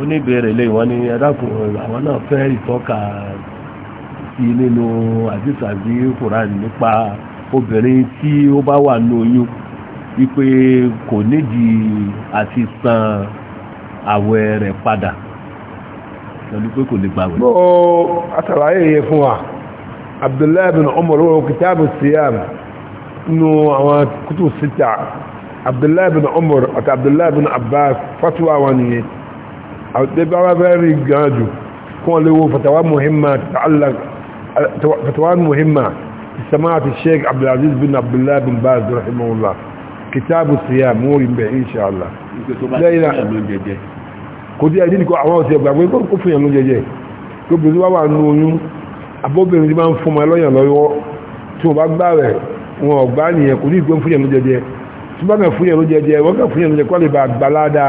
oníbẹ̀rẹ̀ lè wọ́n ní ẹ̀dàkùn àwọn náà fẹ́ ìtọ́ka sí nínú àdìsàbí koran nípa obìnrin tí ó bá wà ní oyún wípé kò nídìí àti san àwẹ̀ rẹ̀ padà pẹ̀lú pé kò lè gbàwẹ̀. bó àtàlàyé yẹn fún wa abdullahi bin umar wa kitabu siyam nínú àwọn kútù sita abdullahi bin umar àti abdullahi bin abbas fatuwa wọn nìyẹn àtẹ́bàwà fẹ́ rí gan jù kún olówó fatawa muhimma ta'allaq fatawa muhimma سماعة الشيخ عبد العزيز بن عبد الله بن باز رحمه الله كتاب الصيام موري به ان شاء الله لا لا kòdí ẹ̀dí ní kò àwọn ọ̀sẹ̀ ìgbàgbé kò kò fún ìyànlú jẹjẹ tó bí wá wà ní oyún abóbìnrin tí bá ń fún ọmọ ẹlọ́yàn lọ́wọ́ tí wọ́n bá gbá rẹ̀ wọn ọ̀gbá nìyẹn kò ní ìgbé fún jẹjẹ tí bá kàn fún jẹjẹ wọ́n kàn fún ìyànlú jẹjẹ bá gbaládàá